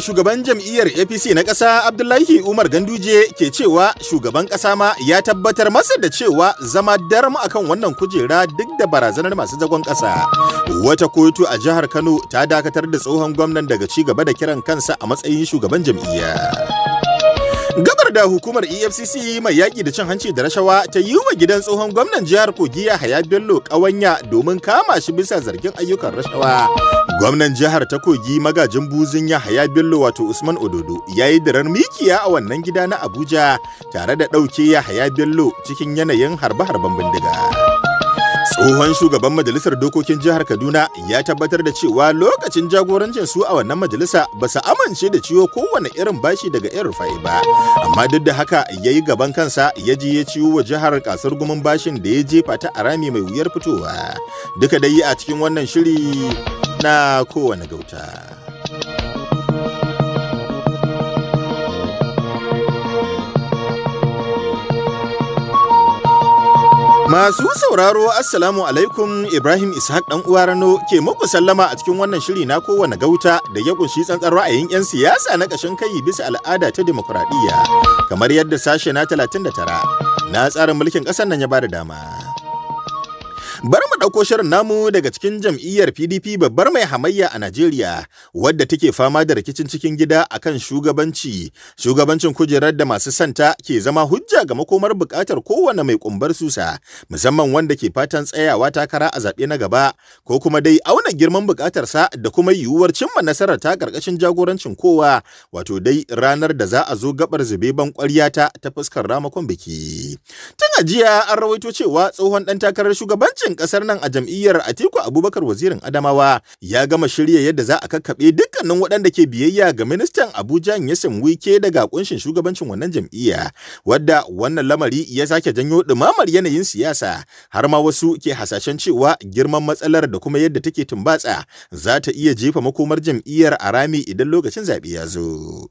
shugaban jam'iyyar APC na ƙasa Abdullahi Umar Ganduje ke cewa shugaban ƙasa ma ya tabbatar masa da cewa zama darmu akan wannan kujera duk da barazanar masu zagon ƙasa. Wata kotu a jihar Kano ta dakatar da tsohon gwamnan daga ci gaba da kiran kansa a matsayin shugaban jam'iyya. gabar da hukumar efcc mai yaƙi da cin hanci da rashawa ta yi wa gidan tsohon gwamnan jihar Kogiya, haya bello ƙawanya domin kama shi bisa zargin ayyukan rashawa Gwamnan jihar ta kogi magajin buzin Yahaya Bello wato Usman Ododo ya yi darar mikiya a wannan gida na Abuja tare da ɗauke Yahaya Bello cikin yanayin harbe-harben bindiga. Tsohon shugaban majalisar dokokin jihar Kaduna ya tabbatar da cewa lokacin jagorancin su a wannan majalisa ba su amince da ciwo kowane irin bashi daga irin rufai ba. Amma duk da haka ya yi gaban kansa ya ji ya ciwo wa jihar kasar gumin bashin da ya jefa ta a rami mai wuyar fitowa. Duka dai a cikin wannan shiri na kowane gauta. Masu sauraro Assalamu alaikum Ibrahim Ishaq dan uwa Rano ke muku sallama a cikin wannan shiri na kowane gauta da ya kunshi tsantsar ra'ayin 'yan siyasa na kashin kai bisa al'ada ta demokuraɗiyya kamar yadda sashe na 39 na tsarin mulkin ƙasar nan ya bada dama. Bar mu ɗauko shirin namu daga cikin jam'iyyar PDP babbar mai hamayya a Najeriya wadda take fama da rikicin cikin gida a kan shugabanci. Shugabancin kujerar da masu santa ke zama hujja ga makomar buƙatar kowane mai ƙumbar susa musamman wanda ke fatan tsayawa takara a zaɓe na gaba ko kuma dai auna girman buƙatarsa da kuma yiwuwar cimma nasarar ta ƙarƙashin jagorancin kowa wato dai ranar da za a zo gaɓar zubeban ban ta ta fuskar ramakon biki. Tun a jiya an rawaito cewa tsohon ɗan takarar shugabancin Wakilin ƙasar nan a jam'iyyar Atiku Abubakar wazirin Adamawa ya gama shirya yadda za a kakkaɓe dukkanin waɗanda ke biyayya ga ministan Abuja Nyesom Wike daga kunshin shugabancin wannan jam'iyya wadda wannan lamari ya sake janyo dumamar yanayin siyasa har ma wasu ke hasashen cewa girman matsalar da kuma yadda take tumbatsa za ta iya jefa makomar jam'iyyar a rami idan lokacin zaɓe ya zo.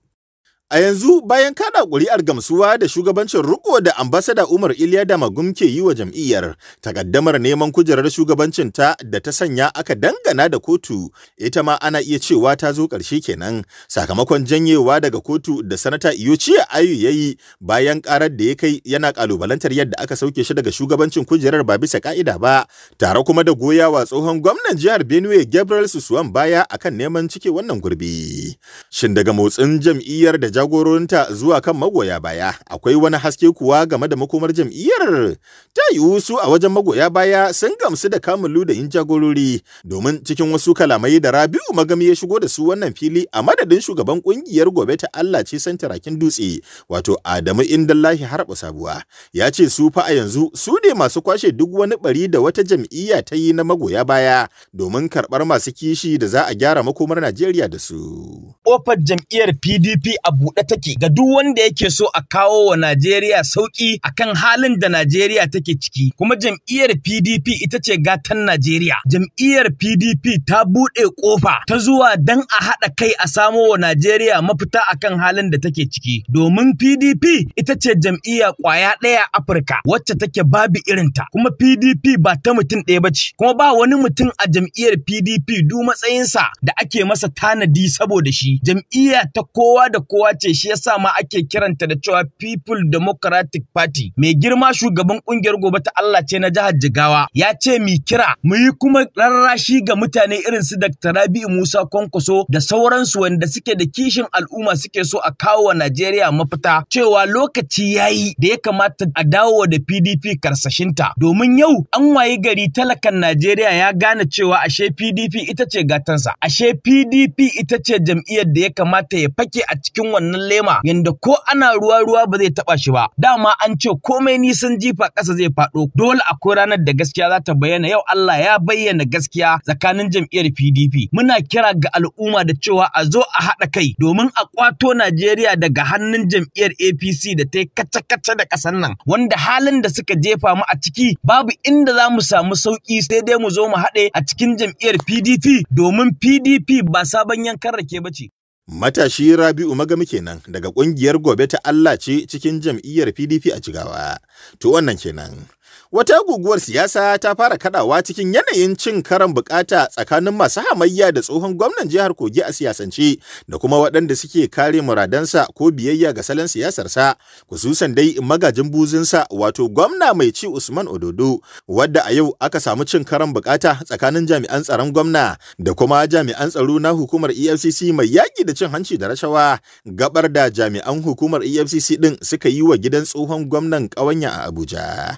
A yanzu bayan kada ƙuri'ar gamsuwa da shugabancin riko da ambasada Umar Iliya Magum ke yi wa jam'iyyar, takaddamar neman kujerar shugabancin ta da ta sanya aka dangana da kotu, ita ma ana iya cewa ta zo ƙarshe kenan sakamakon janyewa daga kotu da sanata Iyuciya Ayu ya yi bayan ƙarar da ya kai yana ƙalubalantar yadda aka sauke shi daga shugabancin kujerar ba bisa ƙa'ida ba, tare kuma da goyawa tsohon gwamnan jihar Benue Gabriel Susuwan baya akan neman cike wannan gurbi. Shin daga motsin jam'iyyar da jagororinta zuwa kan magoya baya akwai wani haske kuwa game da makomar jam'iyyar ta yiwu wusu a wajen magoya baya sun gamsu da kamulu da yin jagorori domin cikin wasu kalamai da rabi'u magami ya shigo da su wannan fili a madadin shugaban kungiyar gobe ta Allah ce tarakin dutse wato Adamu Indallahi Harba Sabuwa ya ce su fa a yanzu su ne masu kwashe duk wani bari da wata jam'iyya ta yi na magoya baya domin karɓar masu kishi da za a gyara makomar Najeriya da su. Ƙofar jam'iyyar PDP abu buɗe take ga duk wanda yake so a kawo wa Najeriya sauki akan halin da Najeriya take ciki kuma jam'iyyar PDP ita ce gatan Najeriya jam'iyyar PDP ta buɗe ƙofa ta zuwa dan a haɗa kai a samo wa Najeriya mafita akan halin da take ciki domin PDP ita ce jam'iyya kwaya ɗaya Afirka wacce take babu irinta kuma PDP ba ta mutum ɗaya ba ce kuma ba wani mutum a jam'iyyar PDP du matsayinsa da ake masa tanadi saboda shi jam'iyya ta kowa da kowa ce shi yasa ma ake kiranta da cewa People Democratic Party. Mai girma shugaban kungiyar gobe ta Allah ce na jihar Jigawa ya ce mi kira mu yi kuma rarrashi ga mutane irin su Dr. Rabi Musa Kwankwaso da sauransu wanda suke da kishin al'umma suke so a kawo wa Najeriya mafita cewa lokaci yayi da ya kamata a dawo da PDP karsashinta domin yau an wayi gari talakan Najeriya ya gane cewa ashe PDP ita ce gatansa ashe PDP ita ce jam'iyyar da ya kamata ya fake a cikin wannan wannan lema yanda ko ana ruwa ruwa ba zai taba shi ba dama an ce komai nisan jifa ƙasa zai faɗo dole akwai ranar da gaskiya za ta bayyana yau Allah ya bayyana gaskiya tsakanin jam'iyyar PDP muna kira ga al'umma da cewa a zo a haɗa kai domin a kwato Najeriya daga hannun jam'iyyar APC da ta yi kace-kace da ƙasar nan wanda halin da suka jefa mu a ciki babu inda za mu samu sauki sai dai mu zo mu haɗe a cikin jam'iyyar PDP domin PDP ba sabon yankan rake ba ce. Matashi Rabi'u Magami kenan daga ƙungiyar Gobe ta Allah ce cikin jam'iyyar PDP a Jigawa. To wannan kenan. wata guguwar siyasa ta fara kadawa cikin yanayin cin karan bukata tsakanin masu hamayya da tsohon gwamnan jihar Kogi a siyasance da kuma waɗanda suke kare muradansa ko biyayya ga salon siyasarsa, kususan dai magajin buzinsa wato gwamna mai ci Usman Ododo, wadda a yau aka samu cin karan bukata tsakanin jami'an tsaron gwamna da kuma jami'an tsaro na hukumar EFCC mai yaƙi da cin hanci da rashawa, gabar da jami'an hukumar EFCC din suka yi wa gidan tsohon gwamnan ƙawanya a Abuja.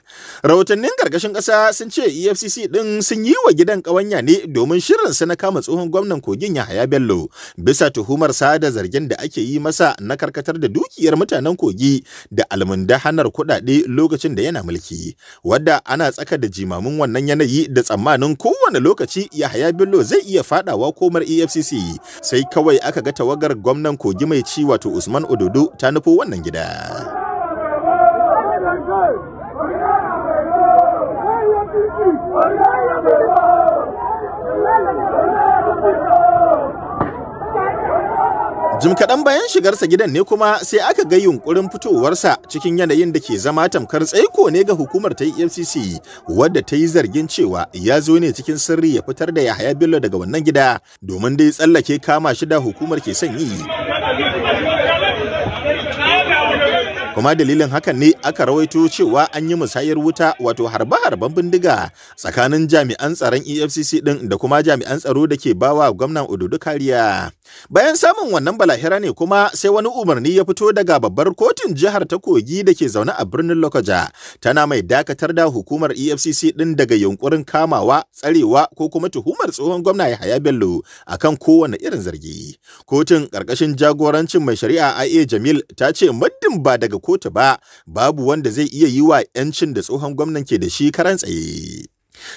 rahotannin gargashin ƙasa sun ce efcc ɗin sun yi wa gidan ƙawanya ne domin shirinsa na kama tsohon gwamnan kogin yahaya bello bisa tuhumar sada da zargin da ake yi masa na karkatar da dukiyar mutanen kogi da almunda hanar kuɗaɗe lokacin da yana mulki wadda ana tsaka da jimamin wannan yanayi da tsammanin kowane lokaci yahaya bello zai iya faɗawa komar efcc sai kawai aka ga tawagar gwamnan kogi mai ci wato usman ododo ta nufo wannan gida. Jim kaɗan bayan shigarsa gidan ne kuma sai aka ga yunkurin fitowarsa cikin yanayin da ke zama tamkar tsaiko ne ga hukumar ta EFCC wadda ta yi zargin cewa ya zo ne cikin sirri ya fitar da Yahaya Bello daga wannan gida domin dai tsallake kama shi da hukumar ke son yi. kuma dalilin hakan ne aka rawaito cewa an yi musayar wuta wato harbe-harben bindiga tsakanin jami'an tsaron efcc din da kuma jami'an tsaro da ke bawa gwamnan ododo kariya bayan samun wannan balahira ne kuma sai wani umarni ya fito daga babbar kotun jihar ta kogi da ke zaune a birnin lokaja tana mai dakatar da hukumar efcc din daga yunkurin kamawa tsarewa ko kuma tuhumar tsohon gwamna yahaya bello akan kowane irin zargi kotun karkashin jagorancin mai shari'a ia jamil ta ce muddin ba daga kotu ba, babu wanda zai iya yi wa 'yancin da tsohon gwamnan ke da shi karan tsaye.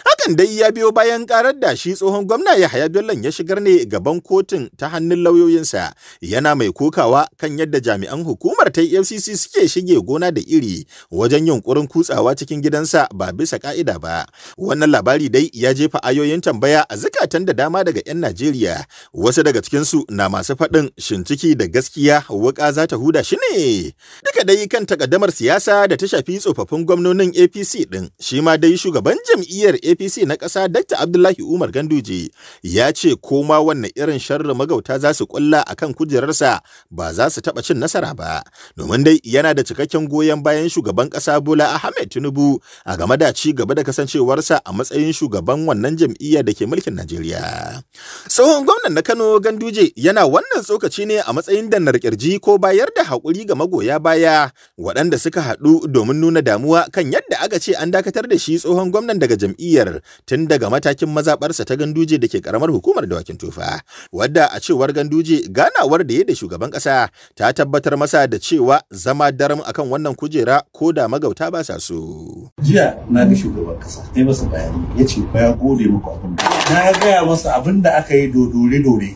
Hakan dai ya biyo bayan karar da shi tsohon gwamna Yahaya Bello ya shigar ne gaban kotun ta hannun lauyoyinsa yana mai kokawa kan yadda jami'an hukumar ta e FCC suke shige gona da iri wajen yunkurin kutsawa cikin gidansa ba bisa ka'ida ba. Wannan labari dai ya jefa ayoyin tambaya a zukatan da dama daga 'yan Najeriya wasu daga cikin su na masu faɗin shin ciki da gaskiya wuƙa za ta huda shi ne. Duka dai kan takaddamar siyasa da ta shafi tsofaffin gwamnonin APC ɗin shi ma dai shugaban jam'iyyar jam'iyyar apc na ƙasa dr abdullahi umar ganduje ya ce koma wannan irin sharri magauta za su kulla a kan kujerarsa ba za su taɓa cin nasara ba domin dai yana da cikakken goyon bayan shugaban ƙasa bola ahmed tinubu a game da ci gaba da kasancewarsa a matsayin shugaban wannan jam'iyya da ke mulkin najeriya tsohon gwamnan na kano ganduje yana wannan tsokaci ne a matsayin dannar kirji ko bayar da haƙuri ga magoya baya waɗanda suka haɗu domin nuna damuwa kan yadda aka ce an dakatar da shi tsohon gwamnan daga jam'iyyar jam'iyyar tun daga matakin mazaɓarsa ta ganduje da ke karamar hukumar dawakin tufa wadda a cewar ganduje ganawar da ya da shugaban ƙasa ta tabbatar masa da cewa zama daram akan wannan kujera ko da magauta ba sa so. jiya na ga shugaban ƙasa sai masa bayani ya ce ba ya gode muku abin da na gaya masa abin da aka yi dodore dore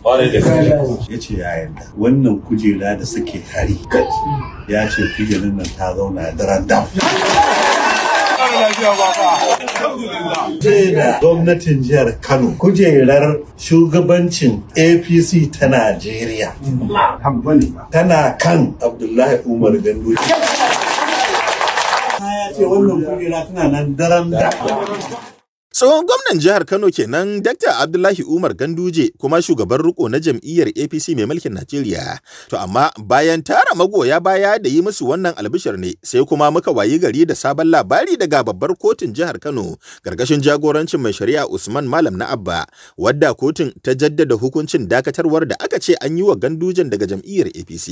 ya ce ya yarda wannan kujera da suke hari ya ce kujerar nan ta zauna daran dam. da gwamnatin jihar Kano kujerar shugabancin APC ta Najeriya. Tana kan Abdullahi Umar Ganduji. Ya ce wannan kujera tana nan daren da. Tsohon gwamnan jihar Kano kenan Dr. Abdullahi Umar Ganduje kuma shugaban riko na jam'iyyar APC mai mulkin Najeriya. To amma bayan tara magoya baya da yi musu wannan albishir ne sai kuma muka wayi gari da sabon labari daga babbar kotun jihar Kano gargashin jagorancin mai shari'a Usman Malam na Abba wadda kotun ta jaddada hukuncin dakatarwar da aka ce an yi wa Gandujen daga jam'iyyar APC.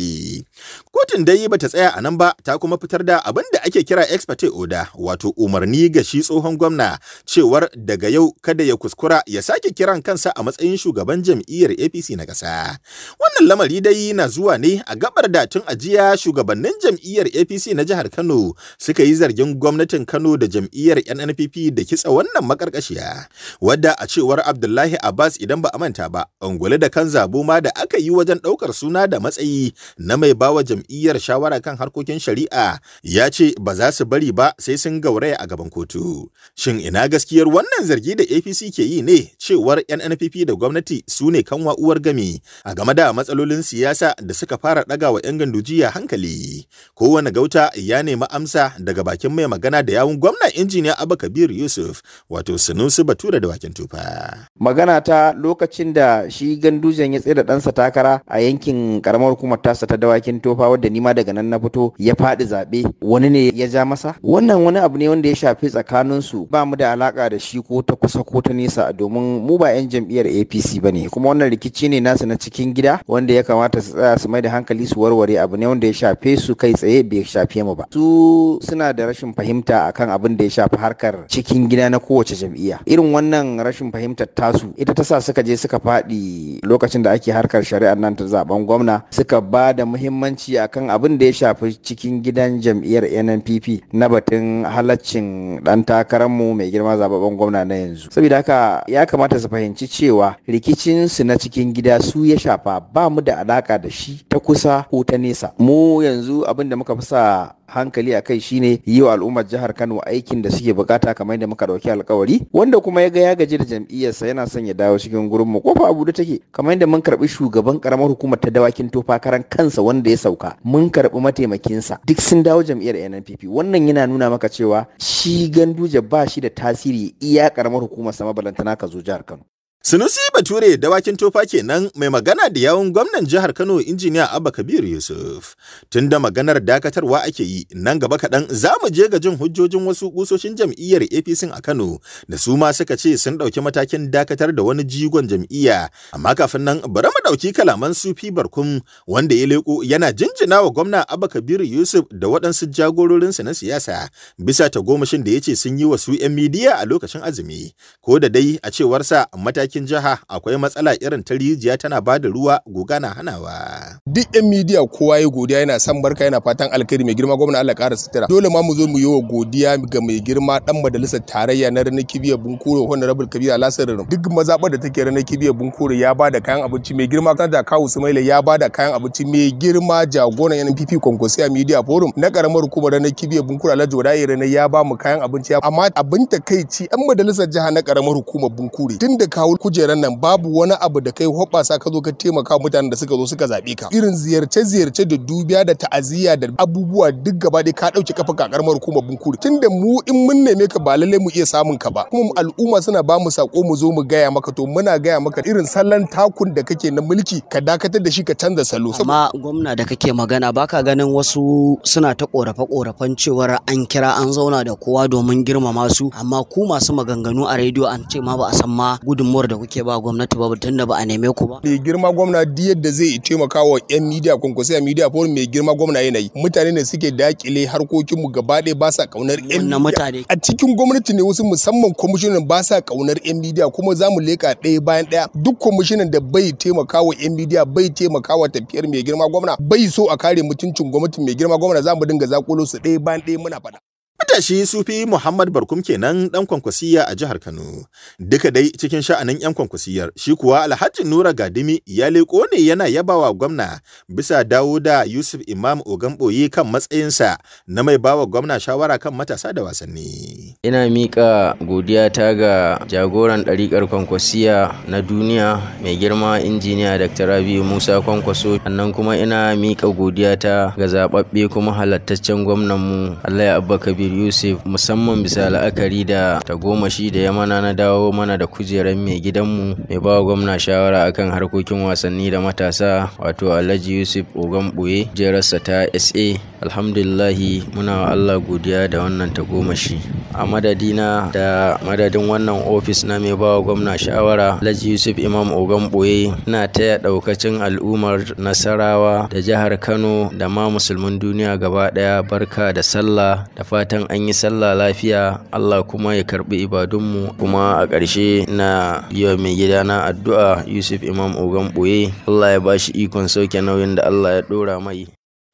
Kotun dai bata tsaya a nan ba ta kuma fitar da abin da ake kira ex oda wato umarni ga shi tsohon gwamna cewar daga yau kada ya kuskura ya sake kiran kansa a matsayin shugaban jam'iyyar APC na ƙasa. Wannan lamari dai na zuwa ne a gabar da tun ajiya shugabannin jam'iyyar APC na jihar Kano suka yi zargin gwamnatin Kano da jam'iyyar NNPP da kitsa wannan makarkashiya. Wadda a cewar Abdullahi Abbas idan ba a manta ba, ungule da kan zabo ma da aka yi wajen ɗaukar suna da matsayi na mai bawa jam'iyyar shawara kan harkokin shari'a ya ce ba za su bari ba sai sun gauraya a gaban kotu. Shin ina gaskiyar wannan Wannan zargi da APC ke yi ne cewar NNPP da gwamnati su ne kanwa uwar gami a game da matsalolin siyasa da suka fara ɗaga wa 'yan a hankali. Kowane gauta ya nemi amsa daga bakin mai magana da yawun gwamna injiniya Abba Kabir Yusuf wato Sanusi Bature da bakin tufa. Magana ta lokacin da shi gandujan ya tsaye da ɗansa takara a yankin karamar hukumar tasa ta dawakin tofa wadda nima daga nan na fito ya faɗi zaɓe wani ne ya ja masa. Wannan wani abu ne wanda ya shafi tsakaninsu ba mu da alaƙa da shi rikici ko ta kusa ko ta nesa domin mu ba 'yan jam'iyyar apc ba ne kuma wannan rikici ne nasu na cikin gida wanda ya kamata su tsaya su mai da hankali su warware abu ne wanda ya shafe su kai tsaye bai shafe mu ba su suna da rashin fahimta akan abin da ya shafi harkar cikin gida na kowace jam'iyya irin wannan rashin fahimtar tasu ita ta sa suka je suka faɗi lokacin da ake harkar shari'ar nan ta zaben gwamna suka ba da muhimmanci akan abin da ya shafi cikin gidan jam'iyyar nnpp na batun halaccin dan takararmu mai girma zababen gwamna gwamna na yanzu saboda haka ya kamata su fahimci cewa rikicin su na cikin gida su ya shafa ba mu da alaka da shi ta kusa ko ta nesa mu yanzu abin da muka fi sa hankali a kai shine yi wa al'ummar jihar Kano aikin da suke bukata kamar yadda muka dauki alkawari wanda kuma ya ga ya gaji da jam'iyyarsa yana son ya dawo cikin gurin mu kofa abu da take kamar yadda mun karbi shugaban karamar hukumar ta dawakin tofa karan kansa wanda ya sauka mun karbi mataimakinsa duk sun dawo jam'iyyar NNPP wannan yana nuna maka cewa shi ganduje ba shi da tasiri iya karamar hukumar sama balantana ka zo jihar Kano Sunusi Bature da dawakin tofa kenan mai magana da yawun gwamnan jihar Kano injiniya Abba Kabir Yusuf. Tun da maganar dakatarwa ake yi nan gaba kaɗan za mu je ga jin hujjojin wasu ƙusoshin jam'iyyar APC a Kano da su ma suka ce sun ɗauki matakin dakatar da wani jigon jam'iyya. Amma kafin nan bari mu ɗauki kalaman sufi barkun wanda ya leƙo yana jinjina wa gwamna Abba Kabir Yusuf da waɗansu jagororinsa na siyasa bisa ta gomashin da ya ce sun yi wa su 'yan midiya a lokacin azumi. Ko da dai a cewarsa mataki yankin jiha akwai matsala irin ta rijiya tana ba da ruwa guga na hanawa. Duk 'yan midiya kowa ya godiya yana san barka yana fatan alkhairi mai girma gwamna Allah ƙara sutura. Dole ma mu zo mu yi wa godiya ga mai girma dan majalisar tarayya na Rana kibiya bunkuro honorable kabir alasar duk mazaɓar da take Rana kibiya bunkuro ya ba da kayan abinci mai girma kan da kawu sumaila ya bada kayan abinci mai girma jagoran yan pp a media forum na karamar hukumar Rana kibiya bunkuro alhaji wadaye Rana ya ba mu kayan abinci amma abin takaici yan majalisar jiha na karamar hukumar bunkure tun da kawo kujeran nan babu wani abu da kai hoɓasa ka zo ka taimaka mutanen da suka zo suka zaɓe ka irin ziyarce ziyarce da dubiya da ta'aziyya da abubuwa duk gaba dai ka ɗauke kafa kakarmar kuma bunkuri tunda mu in mun neme ka ba lallai mu iya samun ka ba kuma al'umma suna ba mu sako mu zo mu gaya maka to muna gaya maka irin sallan takun da kake na mulki ka dakatar da shi ka canza salo amma gwamna da kake magana baka ganin wasu suna ta korafe ƙorafen cewar an kira an zauna da kowa domin girmama su amma ku masu maganganu a rediyo an ce ma ba a san ma gudunmuwar da da kuke ba gwamnati ba tun da ba a neme ku ba. Mai girma gwamna duk yadda zai taimaka wa 'yan midiya kwankwasiya midiya forum mai girma gwamna yanayi mutane ne suke dakile harkokinmu gaba ɗaya ba sa kaunar 'yan mutane. A cikin gwamnati ne wasu musamman kwamishinan ba sa kaunar 'yan midiya kuma za mu leka ɗaya bayan ɗaya duk kwamishinan da bai taimaka wa 'yan midiya bai taimaka wa tafiyar mai girma gwamna bai so a kare mutuncin gwamnati mai girma gwamna za mu dinga zakulo su ɗaya bayan ɗaya muna faɗa. Matashi Sufi Muhammad Barkum kenan ɗan kwankwasiya a jihar Kano. Duka dai cikin sha'anin 'yan kwankwasiyar, shi kuwa Alhaji Nura Gadimi ya leƙo ne yana yabawa gwamna bisa dawo da Yusuf Imam Ogamboye kan matsayinsa na mai bawa gwamna shawara kan matasa da wasanni. Ina miƙa godiya ta ga jagoran ɗariƙar kwankwasiya na duniya mai girma injiniya Dr. Rabiu Musa Kwankwaso. Sannan kuma ina miƙa godiya ta ga zaɓaɓɓe kuma halattaccen gwamnanmu Allah ya abba kabi kabir yusuf musamman bisa la'akari da tagomashi da ya mana na dawo mana da kujerar mai gidanmu mai bawa gwamna shawara akan harkokin wasanni da matasa wato alhaji yusuf ogan buye jerarsa ta sa alhamdulillahi muna allah godiya da wannan tagomashi a madadina da madadin wannan ofis na mai bawa gwamna shawara alhaji yusuf imam ogan buye na taya daukacin al'ummar nasarawa da jihar kano da ma musulmin duniya gaba daya barka da sallah da fata fatan an yi sallah lafiya Allah kuma ya karbi ibadunmu kuma a ƙarshe na yau mai gida na addu'a Yusuf Imam Ogan Boye Allah ya ba shi ikon sauke nauyin da Allah ya ɗora mai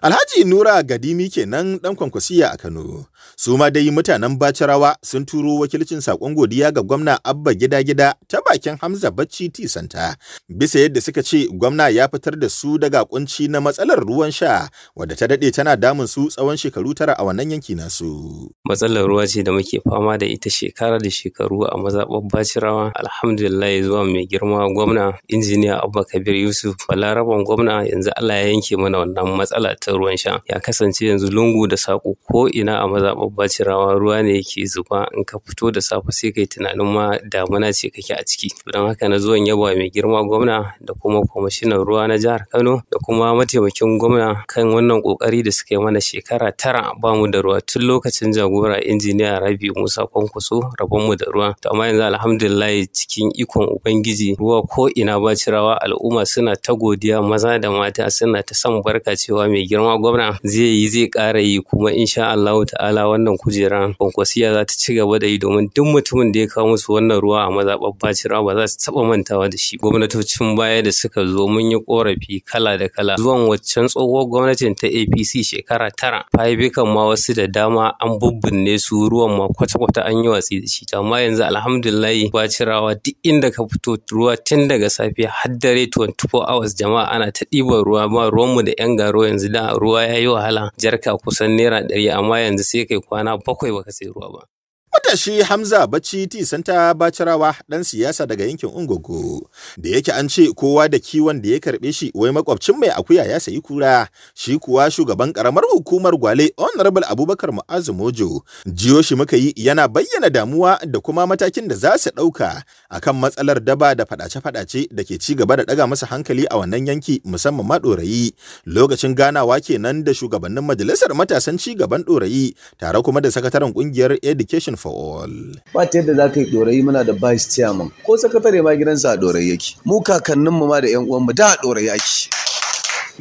Alhaji Nura Gadimi kenan ɗan kwankwasiya a Kano. Su ma dai mutanen Bacirawa sun turo wakilcin saƙon godiya ga gwamna Abba Gida-Gida ta bakin Hamza Bacci Tisanta, bisa yadda suka ce gwamna ya fitar da su daga kunci na matsalar ruwan sha wadda ta daɗe tana damun su tsawon shekaru tara a wannan yanki nasu. Matsalar ruwa ce da muke fama da ita shekara da shekaru a mazaɓar Bacirawa. Alhamdulillah zuwa mai girma gwamna injiniya Abba Kabir Yusuf Balaraban gwamna yanzu Allah ya yanke mana wannan matsala ta ruwan sha. Ya kasance yanzu lungu da sako ko ina a maza zaɓar bacirawa ruwa ne yake zuba in ka fito da safe sai kai tunanin ma damuna ce kake a ciki don haka na zuwan yaba mai girma gwamna da kuma kwamishinan ruwa na jihar kano da kuma mataimakin gwamna kan wannan kokari da suka yi mana shekara tara ba mu da ruwa tun lokacin jagora injiniya rabi musa kwankwaso rabon mu da ruwa to amma yanzu alhamdulillah cikin ikon ubangiji ruwa ko ina bacirawa al'umma suna ta godiya maza da mata suna ta son barka cewa mai girma gwamna zai yi zai ƙara yi kuma insha Allah ta'ala Allah wannan kujera kwankwasiya za ta ci gaba da yi domin duk mutumin da ya kawo musu wannan ruwa a mazaɓar bacira ba za su taɓa mantawa da shi gwamnatocin baya da suka zo mun yi ƙorafi kala da kala zuwan waccan tsohuwar gwamnatin ta apc shekara tara fayibikan ma wasu da dama an bubbunne su ruwan ma kwata-kwata an yi watsi da shi amma yanzu alhamdulillahi bacirawa duk inda ka fito ruwa tun daga safe har dare 24 hours jama'a ana ta ɗiban ruwa ma ruwanmu da 'yan garo yanzu da ruwa ya yi wahala jarka kusan naira ɗari amma yanzu sai kai kwana bakwai baka sai ruwa ba Matashi Hamza Bacci Tisanta Bacirawa ɗan siyasa daga yankin Ungogo da yake an ce kowa da kiwon da ya karɓe shi wai makwabcin mai akuya ya sayi kura shi kuwa shugaban ƙaramar hukumar Gwale Honorable Abubakar Mu'azu Mojo jiyo shi muka yi yana bayyana damuwa da kuma matakin da za su ɗauka kan matsalar daba da faɗace-faɗace da ke ci gaba da ɗaga masa hankali a wannan yanki musamman ma ɗorayi lokacin ganawa kenan da shugabannin majalisar matasan ci gaban ɗorayi tare kuma da sakataren ƙungiyar Education for all ba ta yadda za ka yi dorayi muna da vice chairman ko sakatare ma gidansa a dorayi yake mu kakanninmu ma da yan uwanmu da a dorayi ake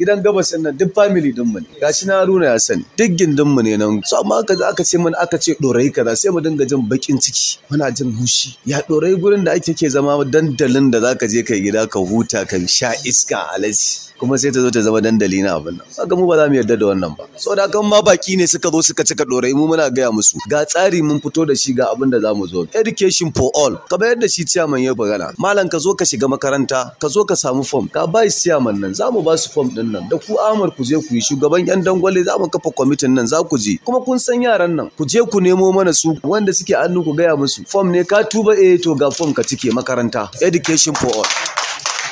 gidan gabas nan duk family din mu ne gashi na Haruna ya sani duk gindin mu ne nan so amma aka aka ce mun aka ce dorayi kaza sai mu dinga jin bakin ciki muna jin hushi ya dorayi gurin da ake ke zama dandalin da zaka je kai gida ka huta ka sha iska alaji kuma sai ta zo ta zama dandali na abin nan kaga mu ba za mu yarda da wannan ba da kan ma baki ne suka zo suka cika dorai mu muna gaya musu ga tsari mun fito da shi ga abin da za mu zo education for all Ka bayar da shi chairman ya bagana malam ka zo ka shiga makaranta ka zo ka samu form ka ba shi chairman nan za mu ba su form din nan da ku amar ku je ku yi shugaban yan dangwale za mu kafa kwamitin nan za ku je kuma kun san yaran nan ku je ku nemo mana su wanda suke hannu ku gaya musu form ne ka tuba eh to ga form ka cike makaranta education for all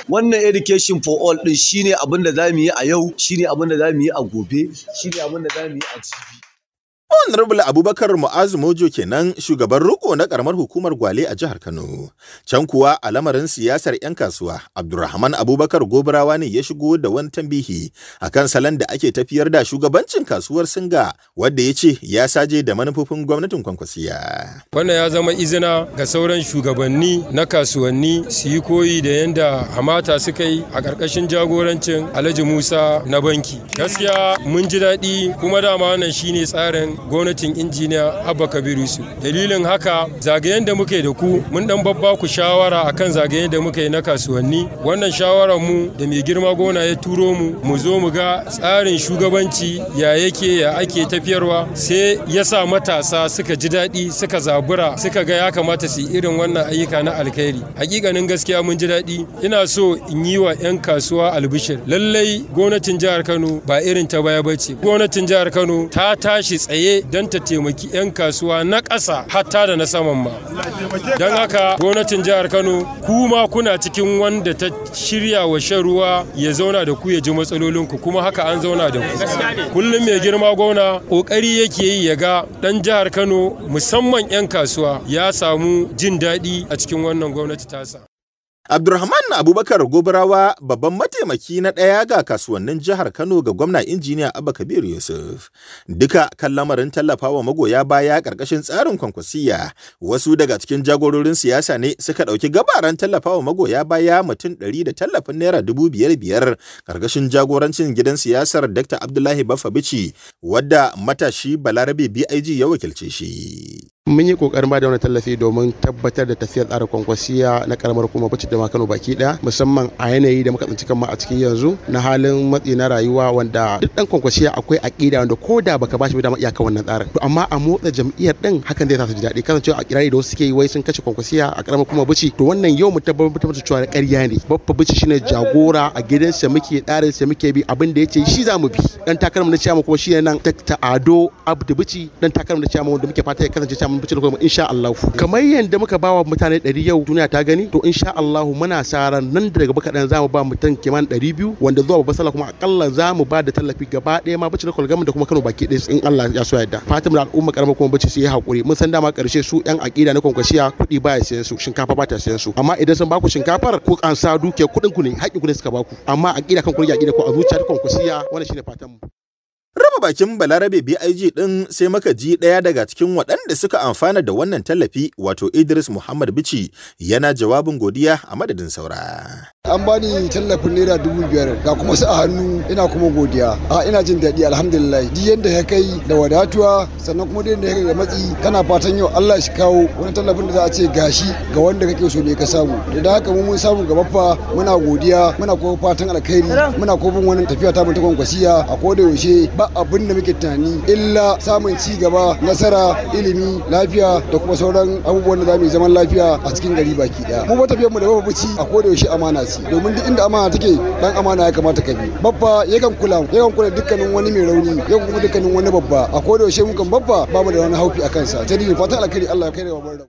wannan education for all din shine abin da za mu yi a yau shine abin da za mu yi a gobe shine abin da za mu yi a jibi Honorable Abubakar Mu'azu Mojo kenan shugaban riko na karamar hukumar Gwale a jihar Kano. Can kuwa a lamarin siyasar 'yan kasuwa, Abdulrahman Abubakar Gobarawa ne ya shigo da wani tambihi a kan salon da ake tafiyar da shugabancin kasuwar Singa wadda ya ce ya saje da manufofin gwamnatin Kwankwasiya. Wannan ya zama izina ga sauran shugabanni na kasuwanni su yi koyi da yadda hamata suka yi a ƙarƙashin jagorancin Alhaji Musa na banki. Gaskiya mun ji daɗi kuma dama wannan shine tsarin gwamnatin injiniya abba kabiru su dalilin haka zagayen da muke da ku mun dan babba ku shawara akan zagayen da muke na kasuwanni wannan shawarar mu da mai girma gona ya turo mu mu zo mu ga tsarin shugabanci ya yake ya ake tafiyarwa sai ya sa matasa suka ji daɗi suka zabura suka ga ya kamata su irin wannan ayyuka na alkhairi hakikanin gaskiya mun ji daɗi ina so in yi wa 'yan kasuwa albishir lallai gwamnatin jihar kano ba irin ta baya bace gwamnatin jihar kano ta tashi tsaye tsaye don ta taimaki 'yan kasuwa na ƙasa hatta da na saman ma don haka gwamnatin jihar kano kuma kuna cikin wanda ta shirya wa shan ruwa ya zauna da ku ya ji matsalolinku kuma haka an zauna da ku kullum mai girma gwamna ƙoƙari yake yi ya ga ɗan jihar kano musamman 'yan kasuwa ya samu jin daɗi a cikin wannan gwamnati tasa Abdulrahman Abubakar Gobarawa babban mataimaki na ɗaya ga kasuwannin jihar Kano ga gwamna injiniya Abba Kabir Yusuf. Duka kan lamarin tallafawa magoya baya ƙarƙashin tsarin kwankwasiya wasu daga cikin jagororin siyasa ne suka ɗauki gabaran tallafawa magoya baya mutum ɗari da tallafin naira dubu biyar biyar ƙarƙashin jagorancin gidan siyasar Dr. Abdullahi baffa bici wadda matashi Balarabe BIG ya wakilce shi. mun yi kokarin da wani tallafi domin tabbatar da tafiyar tsara kwankwasiya na karamar kuma bacci da makano baki daya musamman a yanayi da muka tsinci kanmu a cikin yanzu na halin matsi na rayuwa wanda duk dan kwankwasiya akwai aqida wanda ko da baka bashi ba dama iyaka wannan tsarin to amma a motsa jam'iyyar din hakan zai sa su ji daɗi kasancewa a kirari da wasu suke yi wai sun kashe kwankwasiya a karamar kuma bici to wannan yau mu tabbatar da cewa ƙarya ne babba bici shine jagora a gidansa muke tsarin sa muke bi abin da yace shi za mu bi dan takarmu na ciyama kuma shi ne nan ta ado abdu bici dan takarmu na ciyama wanda muke fata ya kasance ciyama mu da kuma insha Allah kamar yadda muka ba wa mutane 100 yau duniya ta gani to insha Allah muna sa ran nan da gaba kaɗan za mu ba mutum kiman 200 wanda zuwa babban sallah kuma akalla za mu ba da tallafi gaba ɗaya ma bici da kulgamin da kuma Kano baki ɗaya in Allah ya so yarda fatan da al'umma karamar kuma bici su yi hakuri mun san dama karshe su yan akida na kwankwashiya kuɗi ba ya sayan su shinkafa ba ta sayan su amma idan sun ku shinkafar ku kan sa duke kuɗin ku ne haƙƙin ku ne suka ku amma akida kan ku ne akida ko a zuciya kwankwashiya wannan shine fatan mu Raba bakin Balarabe BIG ɗin sai maka ji ɗaya daga cikin waɗanda suka amfana da wannan tallafi wato Idris Muhammad Bichi yana jawabin godiya a madadin saura. an bani tallafin naira dubu biyar ga kuma su a hannu ina kuma godiya a ina jin daɗi alhamdulillah duk yadda ya kai da wadatuwa sannan kuma duk yadda ya kai da matsi kana fatan yau Allah shi kawo wani tallafin da za a ce gashi ga wanda kake so ne ka samu da da haka mu mun samu gaba fa muna godiya muna kuma fatan alkhairi muna kuma bin wannan tafiya ta mu ta kwankwasiya a koda yaushe ba abin da muke tunani illa samun ci gaba nasara ilimi lafiya da kuma sauran abubuwan da za mu yi zaman lafiya a cikin gari baki daya mu ba tafiyar mu da babu ci a koda yaushe amana ce domin duk inda amana take dan amana ya kamata ka bi babba yakan kula yakan kula dukkanin wani mai rauni yakan kuma dukkanin wani babba a koda yaushe mukan babba babu mu da wani haufi a kansa ta fata alkhairi Allah ya kai wa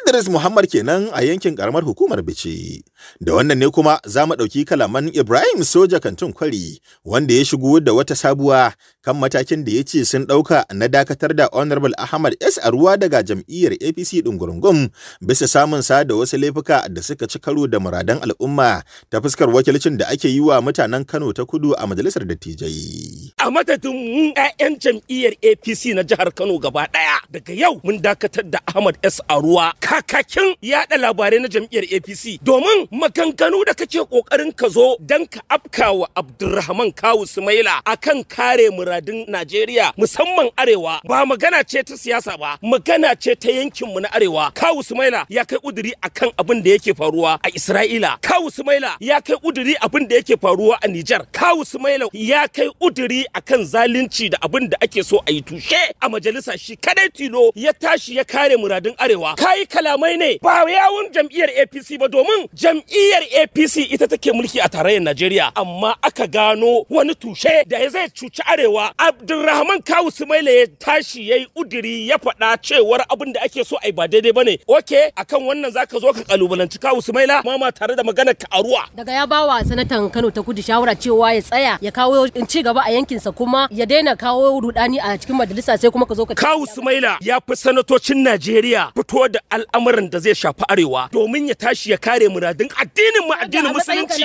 Idris Muhammad kenan a yankin karamar hukumar Bici. Da wannan ne kuma za mu ɗauki kalaman Ibrahim Soja Kantun Kwari wanda ya shigo da wata sabuwa kan matakin da ya ce sun ɗauka na dakatar da Honorable Ahmad S. Aruwa daga jam'iyyar APC ɗungurungum bisa samun sa da wasu laifuka da suka ci karo da muradan al'umma ta fuskar wakilcin da ake yi wa mutanen Kano ta kudu a majalisar dattijai. A matatun mun 'ya'yan jam'iyyar APC na jihar Kano gaba ɗaya daga yau mun dakatar da Ahmad S. Aruwa kakakin yaɗa labarai na jam'iyyar APC domin maganganu da kake kokarin ka zo dan ka afkawa Abdulrahman Kawu Sumaila akan kare muradin Najeriya musamman arewa ba magana ce ta siyasa ba magana ce ta yankin mu na arewa Kawu Sumaila ya kai uduri akan abin da yake faruwa a Isra'ila Kawu Sumaila ya kai uduri abin da yake faruwa a Nijar Kawu Sumaila ya kai uduri akan zalunci da abin da ake so a yi tushe a majalisa shi kadai tilo ya tashi ya kare muradin arewa kai kalamai ne ba yawun jam'iyyar APC ba domin jam'iyyar APC ita take mulki a tarayyar Najeriya amma aka gano wani tushe da ya zai cuci arewa Abdulrahman Kawu Sumaila ya tashi yayi udiri ya faɗa cewar abin da ake so ai ba daidai bane oke akan wannan zaka zo ka kalubalanci Kawu Sumaila mama tare da magana ka aruwa daga ya bawa sanatan Kano ta Kudu shawara cewa ya tsaya ya kawo ci gaba a yankin sa kuma ya daina kawo rudani a cikin majalisa sai kuma ka zo ka Kawu Sumaila ya fi sanatocin Najeriya fito da al'amuran da zai shafi arewa domin ya tashi ya kare muradin addinin mu addinin musulunci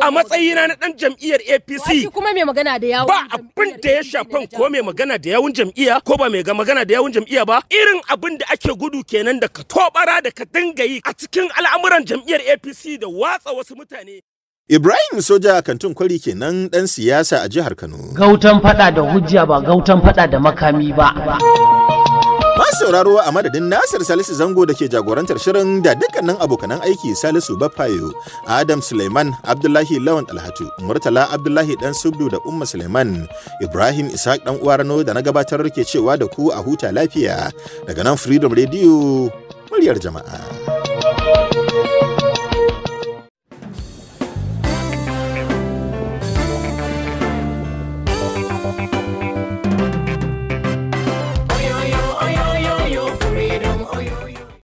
a matsayina na dan jam'iyyar APC kuma mai magana da yawun ba abin da ya shafi ko mai magana da yawun jam'iyya ko ba mai magana da yawun jam'iyya ba irin abin da ake gudu kenan da ka tobara da ka dinga yi a cikin al'amuran jam'iyyar APC da watsa wasu mutane Ibrahim Soja Kantun Kwari kenan dan siyasa a jihar Kano. Gautan fada da hujja ba gautan fada da makami ba. Masu sauraro a madadin Nasir Salisu Zango da ke jagorantar shirin da dukkanin abokanan aiki Salisu Bafayo, Adam Suleiman, Abdullahi Lawan Alhatu, Murtala Abdullahi Dan Subdu da Umma Suleiman, Ibrahim Isaac Dan Uwarano da na gabatar ke cewa da ku a huta lafiya daga nan Freedom Radio muryar jama'a.